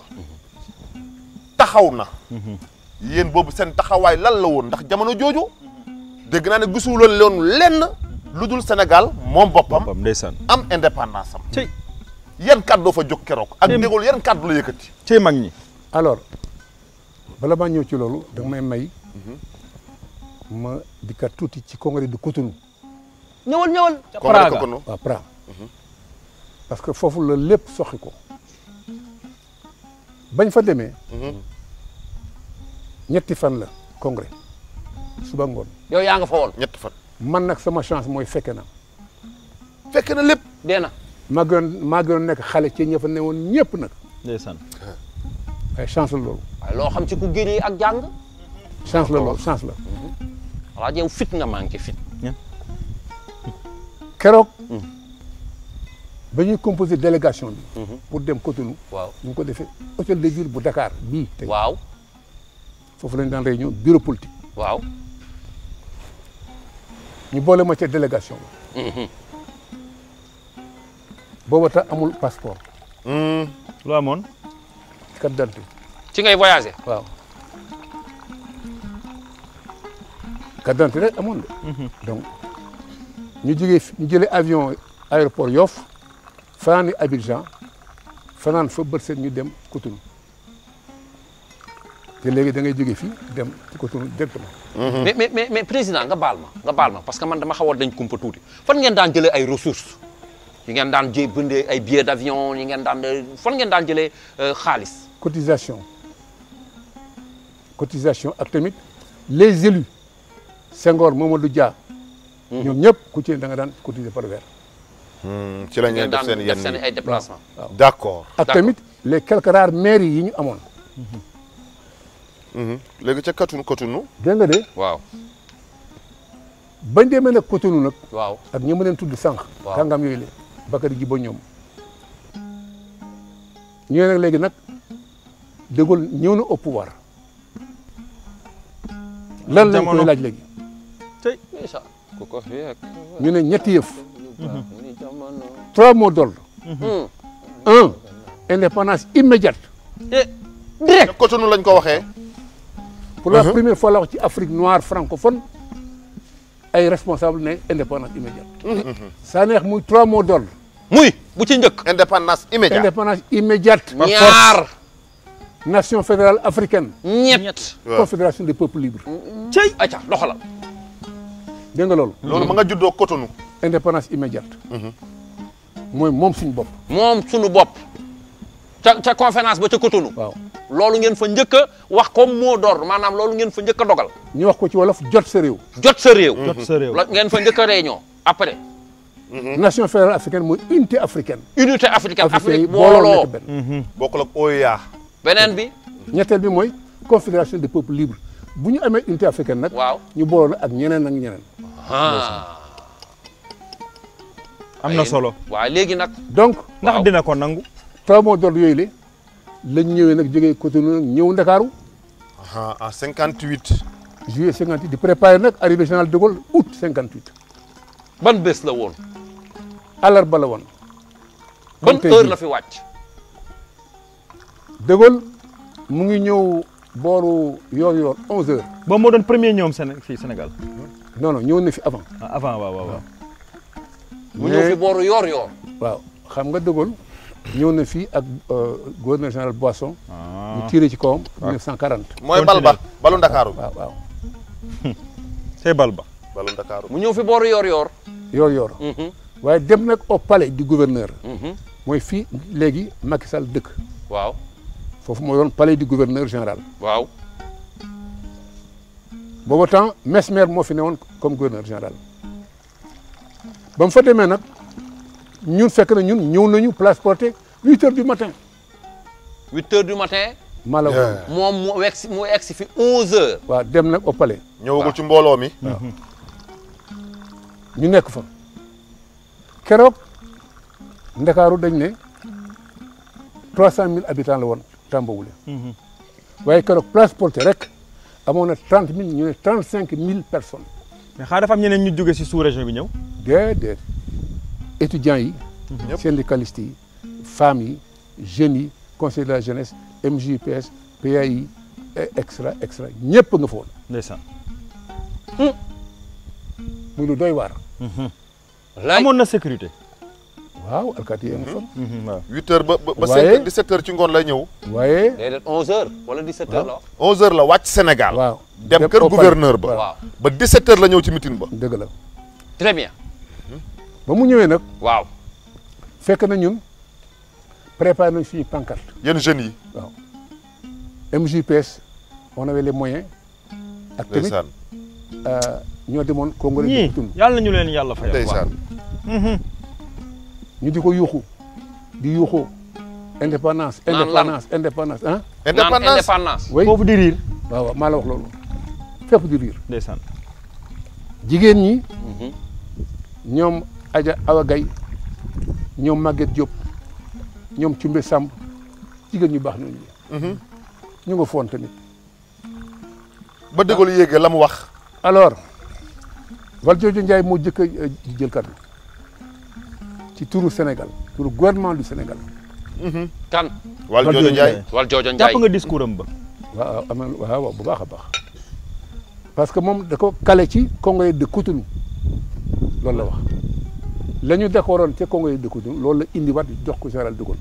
taxaw na. Mhm. yéen boobu seen taxawaay lan la woon ndax jamono jooju. dégg naa ne gisul woon lenn lu dul Sénégal moom boppam. am indépendance am. cey yan kàddu fa jóg keroog. ak de Gaulle yan kàddu la ci cey mag ñi alors bala ba ñëw ci loolu da may may. Mhm. ma dikkaat tuuti ci congrès de Cotonou. ñëwal ñëwal. Praga waaw parce que foofu la lépp soxi ko bañ fa demee. Mhm. ñetti fan la congrès suba ngoon. yow yaa nga fa woon ñetti fan. man nag sama chance mooy fekke na. fekke na lépp dee na. maa gën maa gën nekk xale ci ña ne woon ñëpp nag. ndeysaan. ay chance la loolu. loo xam ci ku génnee ak jàng. chance la loolu chance la. Mhm. alaaj yow fit nga manqué fit keroog mm-hmm. ba ñuy composé délégation bi mm-hmm. pour dem Cotonou waaw ñu ko defee hôtel de ville bu Dakar bii te waaw foofu lañ daan réunion bureau politique waaw ñu boole ma ca délégation ba mm-hmm. booba tax amul passeport mm. lu amoon carte d'identité ci ngay voyagé carte d'identité rek amoon na. donc ñu jógee ñu jëlee avion aéroport Yoff fanaan Abidjan fanaan fa bët set ñu dem Cotonou te léegi da ngay jógee fii dem ci Cotonou directement. Mhm. mais mais mais président nga baal ma nga baal ma parce que man dama xaw dañ kumpa tuuti fan ngeen daan jëlee ay ressources yi ngeen daan jë bindee ay billets d'avion yi ngeen daan fan ngeen daan jëlee euh, xaalis. cotisation cotisation ak tamit les élus. Senghor Mamadou Dia. ñoom ñëpp ku ci ne da nga daan cotiser par weer. Hmm, ci la ñuy def seen yenn ay déplacement waaw d' accord ak tamit les quelques rares mairies yi ñu amoon. Hmm, léegi ca Katunu Katunu. dégg nga de. waaw. bañ demee nag Katunu nag. waaw ak ñi leen tudd sànq. waaw kàngam yooyu la Bakary Djibo ñoom. ñu ne nag léegi nag De ñëw na au pouvoir. lan lañ koy laaj léegi. tey ñu ne ñetti yëf. trois mots d'ordre. Hmm. indépendance immédiate. Eh, direct Cotonou lañ ko waxee. pour la uh-huh. première fois la wax ci Afrique noire francophone ay ne indépendance immédiate. saa uh-huh. neex muy trois mots d'ordre. muy bu ci njëkk. indépendance immédiate indépendance immédiate. ñaar. nation fédérale africaine. ñett confédération des peuples libres. dégg nga loolu. loolu ma nga juddoo kotonu indépendance immédiate. Mhm. mooy moom suñu bopp. moom suñu bopp. ca ca ba ca Cotonou. waaw loolu ngeen fa njëkk a wax kom moo d'ordre maanaam loolu ngeen fa njëkk dogal. ñu wax ko ci wolof jot sa réew. jot sa réew. Mhm. jot sa ngeen fa njëkk a réunion après. Mhm. nation fédérale africaine mooy unité africaine. unité africaine Afrique booloo bokkul ak OUA. E beneen bi. ñetteel bi mooy confédération de peuples libres. bu ñu amee unité africaine nag. waaw ñu booloon ak ñeneen ak ñeneen. am na solo. waaw léegi nag. donc ndax dina ko nangu. travaux d'ordre yooyu la lañ ñëwee nag jógee Cotonou nag ñëw Ndakaaru. en 58. juillet 58 di préparer nag arrivée général de Gaulle août ban bés la woon. ba la woon. ban heure la fi wàcc. de mu ngi ñëw. booru yoor yoor 11h. boobu moo doon premier ñoom Séné fii Sénégal. non non na fi avant. Ah, avant waaw mu ñëw fi booru yoor yoor. waaw xam nga dëggoon ñëw na fii ak euh, gouverneur général Boisson. ñu ah. tiré ci kawam. waaw ah. 1940. mooy Balba balu Ndakaaru. mu ñëw fi booru yoor yoor. yoor yoor. Mm-hmm. waaye dem nag au palais du gouverneur. Mm-hmm. mooy fii léegi Macky Sall dëkk. foofu moo doon palais du gouverneur général. waaw. booba temps Mesmer moo fi newoon comme gouverneur général ba mu fa demee nag ñun fekk na ñun ñëw nañu place Protet huit heures du matin. huit heures du matin. mala moom mu egg si mu egg si fi onze heures. dem nag au palais. ñëwagul ci mbooloo mi. ñu nekk fa keroog Ndakaaru dañ ne trois cent mille habitants la woon. tàmbawul mhm. waaye keroog place Portée rek amoon na trente mille ñu mille personnes. mais xaaral dafa am ñeneen ñu jógee si sous région bi ñëw. déedéet étudiants yi. Mhm. syndicalistes yi femmes yi jeunes yi conseil de la jeunesse MJPS PAI extra extra ñëpp nga fa woon. ndeysaan. Hmm. doy waar. Mhm. amoon na sécurité. waaw alkaati yi am fan. huit heures ba ba cinq ci ngoon lay ñëw. waaye déedéet onze heures wala dix sept la. wàcc Sénégal. waaw dem kër gouverneur ba. waaw ba dix la ñëw ci meeting ba. dëgg la. très bien. Mhm. ba mu ñëwee nag. waaw. fekk na ñun préparé nañ suñu pancarte. yéen jeunes yi. waaw MJPS on avait les moyens. ak tamit euh, ñoo demoon congrès. ñii yàlla ñu leen yàlla fayal. ndeysaan mhm. ñu di ko yuuxu di yuuxoo indépendance. indépendance indépendance ah. indépendance oui foofu di riir. waaw waaw maa la wax loolu fépp di riir. jigéen ñi. Mhm. ñoom Adja Awa Gaye ñoom Maguette Diop ñoom Cumbe Samb jigéen ñu baax nañu. Mhm. ñu nga foon tamit. ba dëgg lu la mu wax. alors Valdiodio Ndiaye moo jëkk a euh, jël kàddu. ci turu Sénégal pour gouvernement du Sénégal. Mhm. kan. Wal Joojo Ndiaye Wal Joojo Ndiaye jàpp nga discours am ba. waaw am na waaw bu baax a baax parce que moom de ko kale ci Congo de Cotonou loolu la wax la ñu décoroon ca Congo de loolu la indiwaat jox ko général de Gaulle.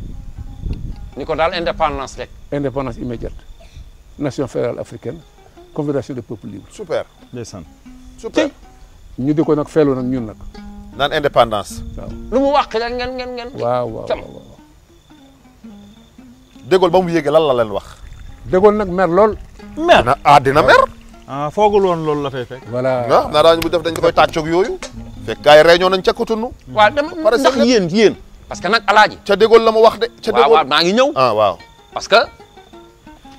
ni ko daal indépendance rek. indépendance immédiate nation fédérale africaine confédération de peuples libres. super sant super. ñu di ko nag feelu nag ñun nag. naan indépendance. waaw lu mu wax ngeen ngeen ngeen. waaw waaw waaw De Gaulle ba mu yéegee lan la leen wax. De Gaulle nag mer lool. mer na ah dina mer. ah foogul woon loolu la fay fekk. voilà ah naa bu def dañ koy tàccoog yooyu. fekk gars yi nañ ca Cotonou. waaw dama ndax yéen yéen. parce que nag alaaji. ca De Gaulle la ma wax de. ca De Gaulle maa ngi ñëw. ah waaw parce que.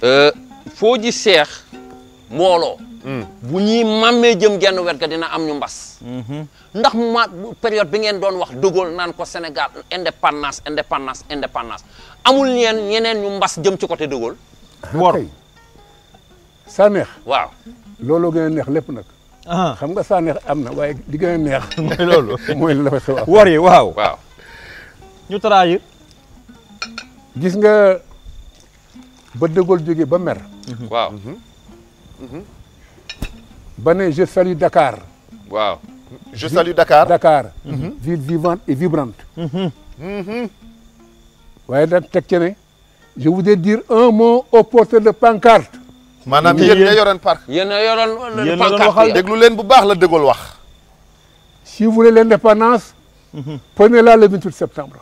Euh, foo ji seex. mbooloo hmm. bu ñuy màmmee jëm genn wet ga dina am ñu mbas mhm. ndax ma période bi ngeen doon wax de naan ko Sénégal indépendance indépendance indépendance amul ñeen ñeneen ñu mbas jëm ci côté de Gaulle wor ah, sa neex waaw looloo gën a neex lépp nag ah. xam nga sa neex am na waaye li gën a neex mooy loolu mooy yi waaw waaw ñu trahir gis nga ba de Gaulle jógee ba mer ba ne je salue Dakar. waaw je Dakar mhm. ville vivante et vibrante. Mhm. Mhm. waaye nag teg ci ne je voudrais dire un mot aux porteurs de pancarte. maanaam yéen ña yoroon parc. yéen a yoroon pancarte déglu leen bu baax la De Gaulle wax. si vous l'indépendance. prenez-la le 28 septembre.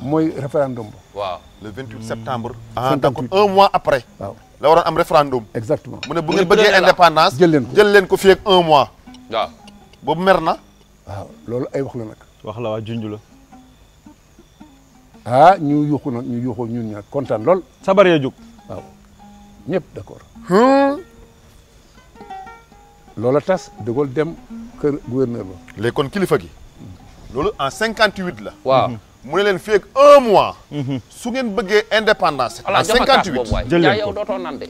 mooy référendum ba. waaw le 28 septembre. ah d'accord un mois après. la waroon am référendum. exactement mu ne bu ngeen bëggee indépendance jël leen ko jël leen ko fii ak un mois. waaw boobu mer na. waaw loolu ay wax la nag. wax la waa junj la. ah ñu yuuxu na ñu yuuxoo ñun ñaar kontaan lool. sabar ya jóg waaw ñëpp d' accord. Hmm? loola tas De dem kër gouverneur ba. léegi kilifa gi. loolu en cinquante la. waaw. Mhm. mu ne leen fii un mois. su ngeen bëggee indépendance. en 58 jëlee yow dootoo naan de.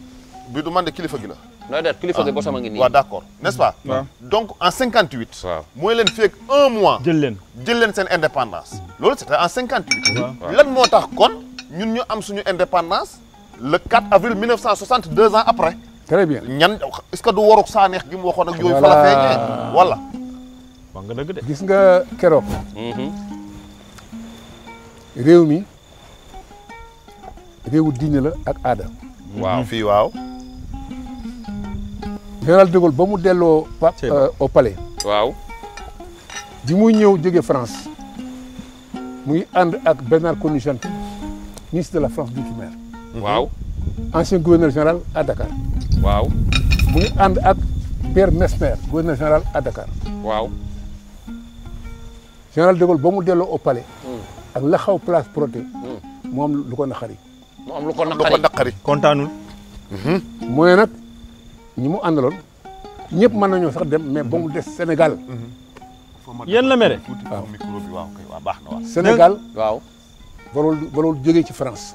bi du man kilifa gi la. nooy def kilifa gi bosama ah. ngi nii. waaw d' accord n' est ce pas. donc en 58. waaw mu ne leen fii ak un mois. jël leen jël leen seen indépendance. loolu c' était en 58. lan moo tax kon ñun ñu am suñu indépendance le 4 avril 1960 deux ans après. très bien ñan est que du waruk saa neex gi mu waxoon ak yooyu. fa la feeñee wala. wax nga dëgg de. gis nga keroog. Mm-hmm. réew mi réew diine la ak aada. waaw fii général de Gaulle ba mu delloo. Euh, au palais. waaw. ji muy ñëw jege France mu ngi ànd ak Bernard cornut ministre de la France d'outre-mer. Mhm. waaw. ancien gouverneur général à Dakar. waaw. muy ànd ak Pierre Messner gouverneur général à Dakar. waaw. général de Gaulle ba mu delloo au ak laxaw place Protet. mu am lu ko naqari. am lu ko naqari lu ko naqari kontaanul. Mhm. mooy nag ñi mu àndaloon ñëpp mën nañoo sax dem mais ba mu des Sénégal. Mhm. yéen la mere. waaw baax na waaw. Sénégal waaw. warul warul jógee ci France.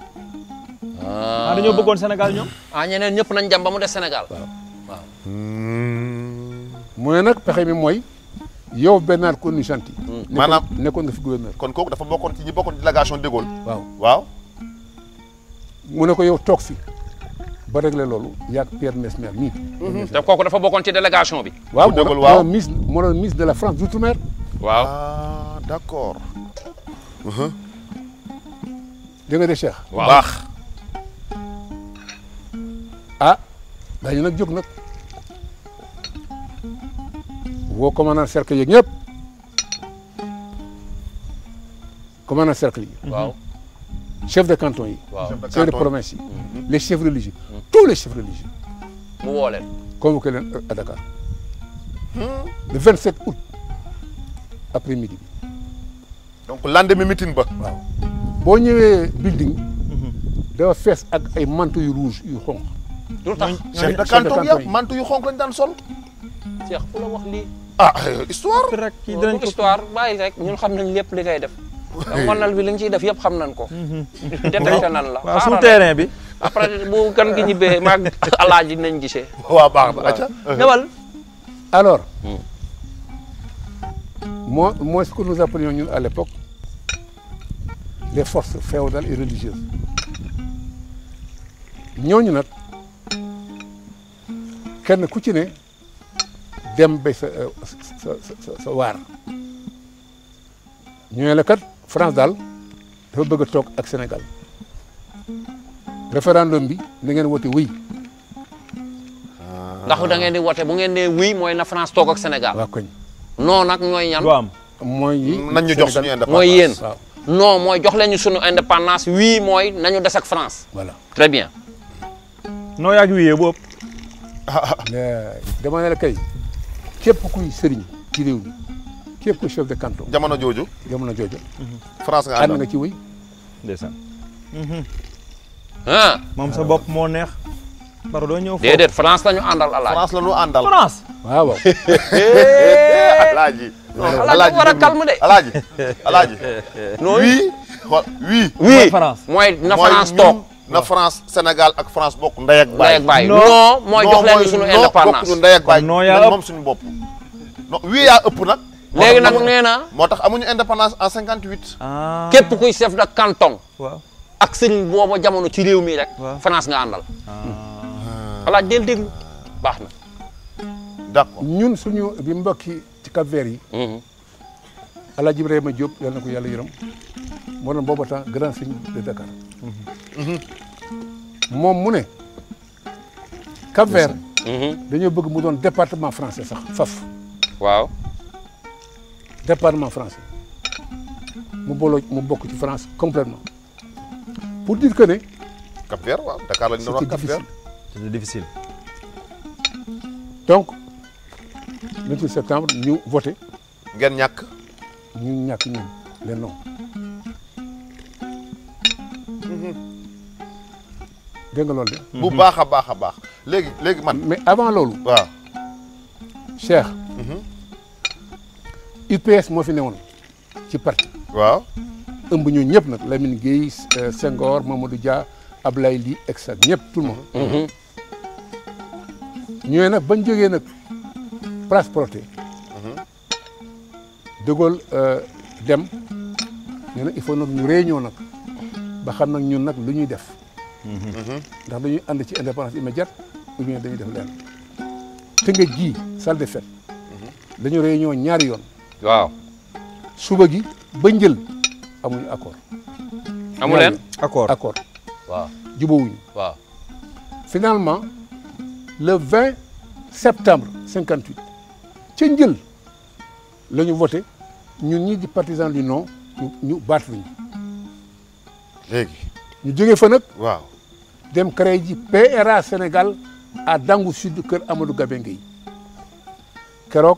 ah, ah dañoo bëggoon Sénégal ñoom. a ah, ñeneen ñëpp nañ jam ba mu des Sénégal. waaw hmm. mooy nag pexe bi mooy yow Bernard Cornut-Gentille maanaam nekkoon nga fi gouverneur. kon kooku dafa bokkoon ci ñi bokkoon délégation de Gaulle. waaw waaw. mu ne ko yow toog fi ba réglé loolu yàgg Pierre Mesmer mii. Mhm. te kooku dafa bokkoon ci délégation bi. waaw de Gaulle waaw moo doon de la France d'outre-mer. waaw ah d'accord. Uh-huh. dégg nga de Cheikh. waaw baax. ah daañu nag jóg nag. woo commandant cercle yeeg ñëpp. commandant cercle yi. waaw chef de canton yi. chef de province yi. Mhm. les chefs religieux mhm. tous les chefs religieux. mu woo leen. convoqué leen euh, à Dakar le 27 août après midi. donc lendemain meeting ba. boo ñëwee building. Mhm. dafa fees ak ay manteau yu rouge yu xonq. lu tax chef de canton yëpp manteau yu xonq lañ daan sol. Cheikh fu la wax lii. Ah, euh, histoire. rek kii dinañ ko histoire bàyyi rek ñun xam nañ lépp li ngay def. monal bi li nga ciy def yëpp xam nañ ko. Mm-hmm. Mm-hmm. détecté nan la. waaw sous terrain bi. après bu kan gi ñibbee maag alaaji nañ gisee. waaw baax na acca uh-huh. ñëwal. alors. Hmm. moi moi ce que nous ñooñu nag kenn ku ci ne dem ba sa euh, waar ñooñu la kat. France daal dafa bëgg toog ak Sénégal référendum bi na ngeen woote oui. Ah. ndax da ngeen woote bu ngeen nee oui mooy na France toog ak Sénégal. noo koñ non nag ñooy ñan. mooy yi nañ ñu jox suñu indépendance mooy yéen. non mooy jox leen ñu suñu indépendance oui mooy nañu des ak France. voilà très bien. noo yaa ngi wuyee boobu. dama ne la kuy sëriñ ci réew mi. képp ku chef de canton. jamono jooju. France nga ànd nga ci wuy. ndeysaan. Ah. sa bopp moo neex. baro doo ñëw foofu France la ñu àndal alaaji. France la ñu àndal France. Eh, alaaji. alaaji war a na France toog. na France Sénégal ak France bokk ndey ak baay. baay non mooy jox leen suñu indépendance non yaa ëpp moom bopp. non oui yaa ëpp nag. léegi nag nee na moo tax amuñu indépendance en 58. Ah. képp kuy chef de canton. waaw ak sëriñ booba jamono ci réew mi rek. France nga àndal. voilà ah. ah. del déglu baax na. d'accord ñun suñu bi mbokki ci Cap Vert yi. Mhm. Alaaji Ibrahima Diop yal na ko yàlla yërëm moo doon booba grand seigneur de Dakar. Mhm. moom mu ne. Cap mhm. dañoo bëgg mu doon département français sax faf. département français mu booloo mu bokk ci France complètement pour dire que ne. Cap-Vert waaw Dakar lañu difficile. donc 28 septembre ñu voté. ngeen ñàkk. ñu ñàkk ñun le non. dégg nga de. bu baax a baax a baax léegi léegi man. mais avant loolu. waaw UPS moo fi newoon ci parti waaw ëmb ñooñu ñëpp nag Lamine Guèye euh, Senghor Mamadou Dia Ablaye Ly et cetera ñëpp tout le monde. Mm-hmm. Mm-hmm. ñooñu nag bañ jógee nag place Protet. Mm-hmm. De euh, dem ñu ne il faut nag ñu réunion nag ba xam nag ñun nag lu ñuy def. ndax dañuy ànd ci indépendance immédiate ou bien dañuy def lenn. te nga ji salle de fête. dañu réunion ñaari yoon. waaw suba gi ba njël amuñu accord. amu leen accord accord. waaw jubóowuñu. waaw finalement le 20 septembre 58 ca njël la ñu voté ñun ñii di partisan du non ñu ñu baat luñu léegi. ñu jógee fa dem créé ji PRA Sénégal à Dangu Sud kër Amadou Gabengue yi keroog.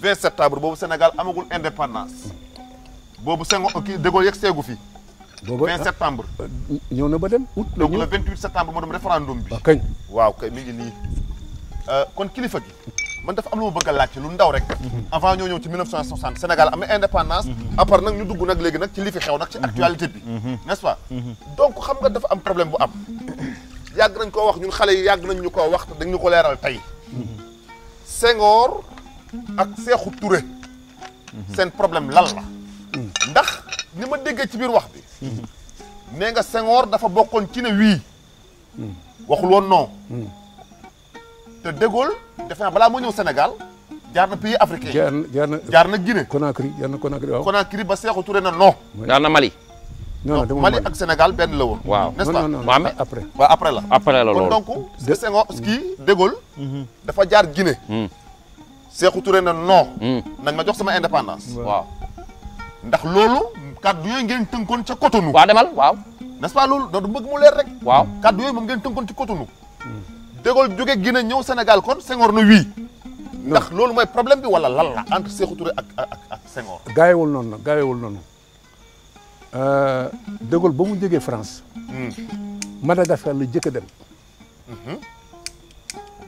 20 septembre boobu Sénégal amagul indépendance boobu Senghor kii De Gaulle yegg seegu fi. boobu 20 ah, septembre. Euh, ñëw na ba dem août la donc le 28 septembre moo dem référendum bi. waaw ah, kañ waaw kay mi nii. Euh, kon kilifa gi man dafa am lu ma bëgg a ci lu ndaw rek. Mhm. avant ñoo ñëw ci 1960 Sénégal am indépendance. Mhm. à part nag ñu dugg nag léegi nag ci li fi xew nag ci mhm. actualité bi. nest pas. donc xam nga dafa am problème bu am. yàgg nañ koo wax ñun xale yi yàgg nañ ñu koo wax dañ ñu ko leeral tey. Senghor. ak Seexu Touré seen problème lan la ndax ni ma déggee ci biir wax bi nga Senghor dafa bokkoon ci ne wii waxul woon non te De defe naa balaa moo ñëw Sénégal jaar na pays africain jaar na jaar na jaar na Guinée Conakry jaar na ba Seexu Touré na non jaar na Mali Mali ak Sénégal benn la woon. waaw n'est-ce pas après. waaw après la après la loolu kon donc mhm. dafa jaar Guinée. Mhm. Sékou Touré na non. Hmm. nañ ma jox sama indépendance. waaw ndax loolu kàddu yooyu ngeen tënkoon ca Cotonou. waaw demal waaw. n'est-ce pas loolu da du bëgg mu leer rek. waaw kàddu yooyu moom ngeen tënkoon ci koto hmm. De Gaulle jóge Guinée ñëw Sénégal kon Senghor na wii. ndax loolu mooy problème bi wala lan la entre Sékou ak ak ak Senghor. gaawewul noonu gaawewul noonu euh, De ba mu jógee France. Hmm. Madagascar la jëkk a dem. Mhm.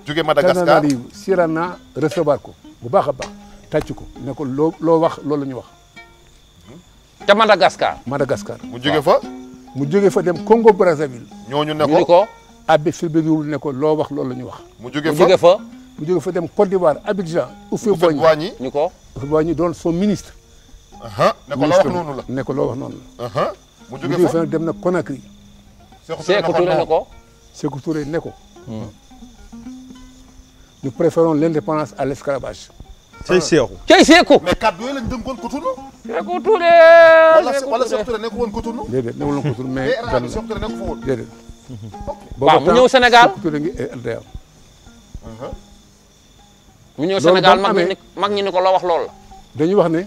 jóge Madagascar Canaries Sirana recevoir ko. bu baax a baax tàcc ko ne loo loo wax loolu la ñu wax. te hmm? Madagascar. Madagascar mu jóge fa. mu jóge fa dem Congo Brazzaville. ñooñu ñu ne ko. Abbé Soumbédioune ne ko loo wax loolu la ñu wax. mu jóge fa mu jóge fa. dem Côte d'Ivoire Abidjan. Houphouët-Boigny ñu ko. Houphouët-Boigny doon son ministre. ne ko loo wax noonu la ne loo wax noonu la. mu jóge fa dem na Conakry. Sékou Touré ne ko Sékou Touré ko. Hmm. nous préférons l'indépendance à l'esclavage. cey Seexu cey Seexu. mais kàddu yooyu lañ dënkoon Cotonou. Sékou Touré wala Sékou Touré nekk woon Cotonou. mais. benn Sékou mu ñëw Sénégal Sékou Touré ko loo wax loolu la. dañuy wax ne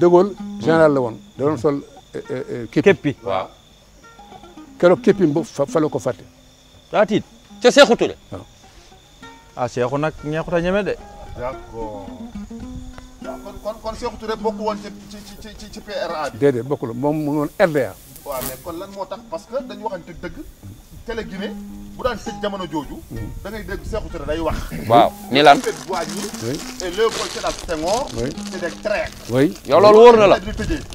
De général la woon da doon sol eh, eh, eh, képpi waaw keroog képpim boobu ko fàtte. daa tiit ca Sékou ah Cheikhou nag ñeexut a ñeme de. d'accord ah, kon kon kon Cheikhou Touré bokk woon ci ci ci ci PRA bi. déedéet bokkul moom mu ngi woon RDA. kon lan moo tax parce que dañu waxante dëgg télé Guinée bu daan tëj jamono jooju. da ngay dégg Cheikhou Touré day wax. waaw ni lan bu fekkee waa yow loolu na la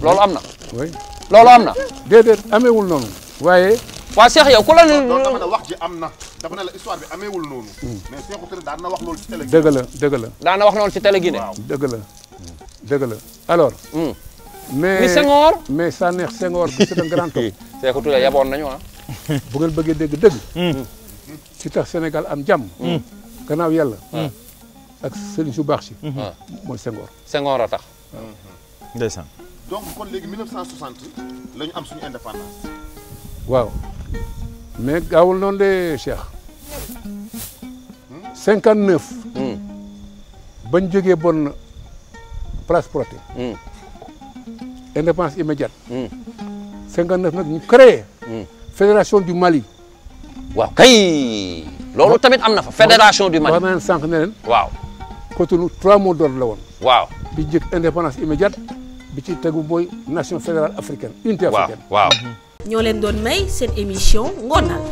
loolu am na. oui loolu am na. déedéet ameewul noonu waaye. waaw Cheikh yow ku la. ne wax ji am na. dafa ne la histoire bi ameewul noonu. daa hmm. Cheikhou na wax loolu ci télé. dëgg la la. daan wax loolu ci télé dëgg la dëgg la alors. Hmm. mais ni Senghor. mais Sanex Senghor bi c'est un grand homme. Cheikhou yaboon nañu ah. bu ngeen bëggee dégg dëgg. Hmm. ci tax Sénégal am jàmm. gannaaw yàlla. ak Serigne su baax si. mooy Senghor. Senghor a tax. ndeysaan. donc kon léegi 1960 am suñu indépendance. waaw. mais gaawul noonu de Cheikh cinquante neuf hmm. bañ jógee bon place Protet hmm. indépendance immédiate hmm. cinquante neuf nag fédération du Mali waaw kay loolu tamit am na fa fédération du Mali wax naan sànq ne leen waaw Cotonou trois mots d'ordre la woon bi njëkk indépendance immédiate bi ci tegu mooy nation fédérale africaine unité africaine mhm. ñoo leen doon may seen émission ngoonal